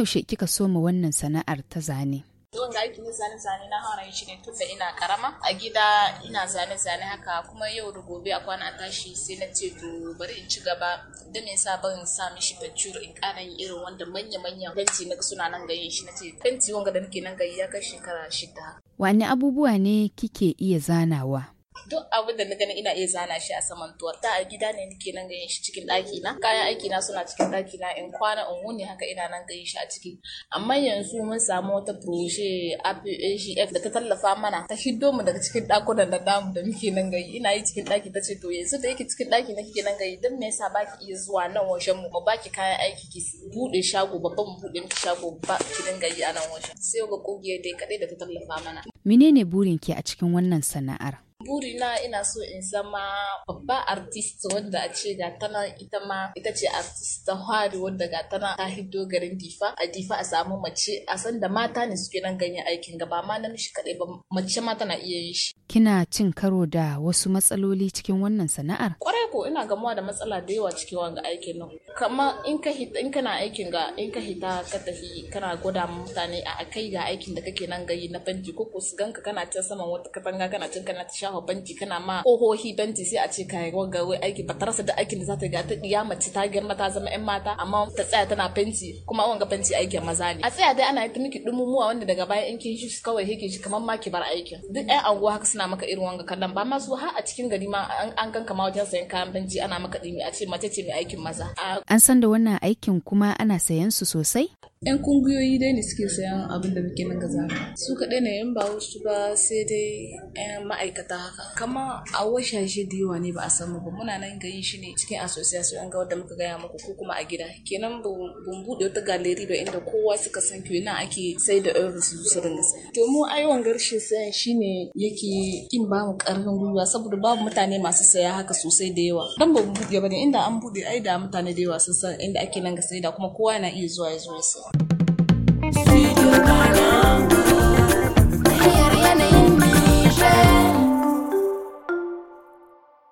yaushe kika soma wannan sana'ar ta zane? Yawan da aikin zane-zane na hana shi ne tun da ina karama a gida ina zane-zane haka kuma yau da gobe a kwana a tashi sai na ce to bari in ci gaba da me yasa ban sa mishi picture in kana yin irin wanda manya-manya fenti na suna nan gaye shi na ce fenti wanga da nake nan ya kai shekara shida. Wani abubuwa ne kike iya zanawa? duk abin da na gani ina iya zana shi a saman tuwar da a gida ne nake nan ganin shi cikin ɗaki na kayan aiki na suna cikin ɗaki na in kwana in wuni haka ina nan ganin shi a ciki amma yanzu mun samu wata proje APHF eh, da ta tallafa mana ta hiddo mu daga cikin ɗakunan da damu da muke nan gani ina yi cikin ɗaki ta ce to yanzu da yake cikin ɗaki na kike nan gani don me yasa baki iya zuwa nan wajen mu ba baki kayan aiki ki buɗe shago babban mu buɗe miki shago ba ki dinga yi a nan wajen sai ga kogiyar dai kaɗai da ta tallafa mana menene burin ki a cikin wannan sana'ar na ina so in zama babba artist wanda a ce ga tana ita ma ita ce artist ta hari wanda ga tana ta hiddo garin difa a difa a samu mace a san da mata ne suke nan ganye aikin gaba ma namiji kadai ba mace ma tana iya yin shi. Kina cin karo da wasu matsaloli cikin wannan sana'ar? Kwarai ko ina gamuwa da matsala da yawa cikin wanga aikin nan. Kamar in ka hita in kana aikin ga in ka hita ka tafi kana gwada mutane a kai ga aikin da kake nan gayi na fenti ko ko su ganka kana ta saman wata katanga kana cin kana ta shafa ma banki kana ma ohohi banki sai a ce ka yi wai aiki ba tarasa da aikin da za ta ga ta ɗiya mace ta girma ta zama 'yan mata amma ta tsaya tana fenti kuma wanga fenti aikin maza ne a tsaya dai ana yi ta miki dumumuwa wanda daga baya in kin shi kawai yake shi kamar ma ki bar aikin duk 'yan anguwa haka suna maka irin wanga kallon ba ma su har a cikin gari ma an ganka ma wajen sayan kayan banki ana maka dimi a ce mace ce mai aikin maza. An san da wannan aikin kuma ana sayan su sosai? 'yan kungiyoyi dai ne suke sayan abin da muke nan gaza su kaɗai ne yan ba wasu ba sai dai 'yan ma'aikata haka kama a washashe da yawa ne ba a samu ba muna nan yin shi ne cikin association ga wadda muka gaya muku ko kuma a gida kenan bun buɗe wata galeri ba inda kowa suka san ke na ake sai da euros su su dinga sai to mu garshe sayan shi ne shine yake kin ba mu ƙarfin gwiwa saboda babu mutane masu saya haka sosai da yawa dan ba mu buɗe ba ne inda an buɗe ai da mutane da yawa sun san inda ake nan ga sai da kuma kowa na iya zuwa ya zo ya you Ghana.